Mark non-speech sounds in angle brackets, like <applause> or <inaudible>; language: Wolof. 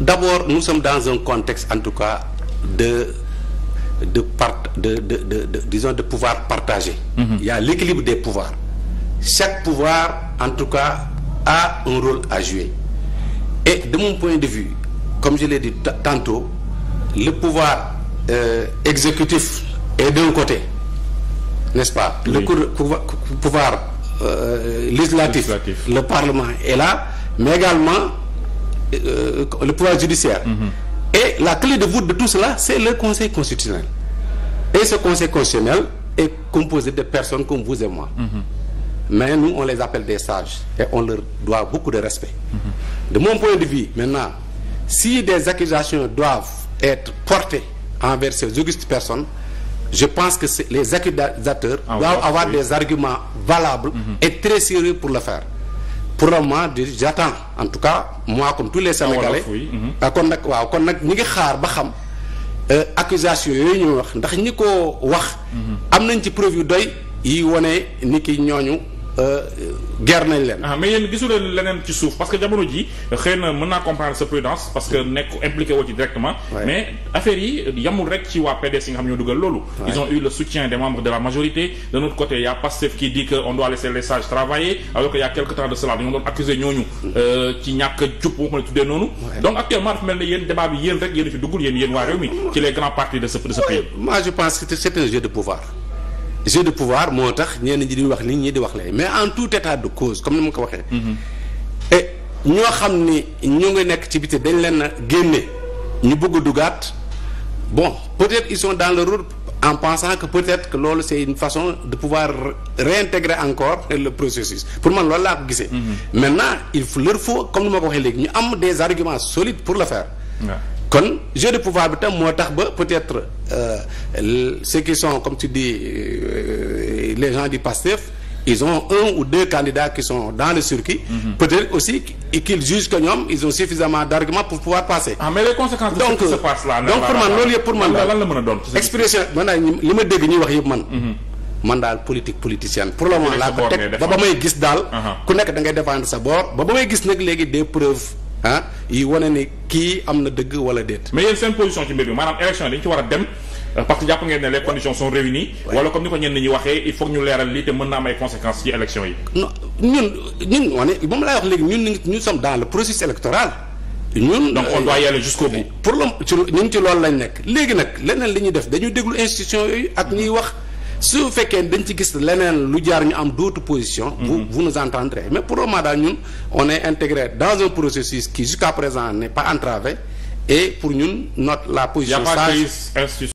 d'abord nous sommes dans un contexte en tout cas de de part de de, de de disons de pouvoir partagé. Mm y a l'équilibre des pouvoirs chaque pouvoir en tout cas a un rôle à jouer et de mon point de vue comme je l'ai dit tantôt le pouvoir euh, exécutif est d'un côté n'est-ce pas le pouvoir, pouvoir euh, législatif, législatif le parlement est là mais également Euh, le pouvoir judiciaire. Mmh. Et la clé de voûte de tout cela, c'est le Conseil constitutionnel. Et ce Conseil constitutionnel est composé de personnes comme vous et moi. Mhm. Mais nous, on les appelle des sages et on leur doit beaucoup de respect. Mhm. De mon point de vue, maintenant, si des accusations doivent être portées envers ces augustes personnes, je pense que les accusateurs ah, doivent avoir des arguments valables mhm. et très sérieux pour le faire. pour le moment di j'attends en tout cas moi comme tous les sénégalais mhm. ah, kon nag waaw kon nag ñi ngi xaar ba xam euh, accusation yooyu ñu wax ndax ñi ko wax mhm. am nañ ci preuve yu doy yi wane nit ki ñooñu Euh, ger nañ leen. ah mais yéen gisuleen leneen ci suuf parce que jamono ji xëy na mën naa comprendre sa prudence parce que mm. nekk impliqué woo ci directement. mais affaire yi yamul rek ci waa PDS yi nga xam ñoo dugal loolu. ils ont eu le soutien des membres de la majorité de côté il y a Pastef qui dit que on doit laisser les travailler alors que y quelque temps de cela mm. euh, noonu. donc actuellement dafa mel ne yéen bi yéen rek yéen fi duggul yéen yéen waa jeu de pouvoir moo tax ñenn ñi di wax nii ñii di wax lay mais en tout état de cause comme ni ma ko waxee. Mm-hmm. ñoo xam ni ñu ngi nekk ci biti dañ leen a génne ñu bëgg a bon peut-être ils sont dans le rôle en pensant que peut-être que loolu c'est une façon de pouvoir réintégrer encore <laughs> le processus pour man loolu laa ko gisee. Mm-hmm. maintenant il leur faut comme ni ma ko waxee léegi ñu am des arguments solides pour le faire. kon jeu de pouvoir bi tam moo tax ba peut-être euh, ceux qui sont comme tu dis euh, les gens du PASTEF ils ont un ou deux candidats qui sont dans le circuit. Mm -hmm. peut-être aussi qu'ils jugent que ñoom ils ont suffisamment d'arguments pour pouvoir passer. Ah, donc pour man loolu yëpp pour man la lan la mën a expression man daal li ma dégg ñuy wax yëpp man. Mhm. man daal politique politicienne pour le moment laa ko teg ba ba may gis daal. ku nekk da ngay défendre sa boor ba ba may gis nag léegi des ah yi wane ne kii am na dëgg wala déet. mais yéen seen position ci mbir bi maanaam élection dañ ci war a dem euh, parce que jàpp ngeen ne les conditions sont réunies. wala comme ni ko ñenn ñi waxee il faut ñu leeral lii te mën na am ay ci élection yi. non ñun ñun wane moom laay wax léegi ñun ñu sommes dans le processus électoral. ñun donc on euh, doit y aller jusqu'au bout. pour le ñun ci loolu lañ nekk léegi nag leneen li ñuy def dañuy déglu institution ak ñuy wax. su fekkee dañ ci gis leneen lu jaar ñu am d'autres positions. vous mhm. vous nous entendrez mais pour le moment daal ñun on est intégré dans un processus qui jusqu'à présent n'est pas entravé et pour ñun notre la position sage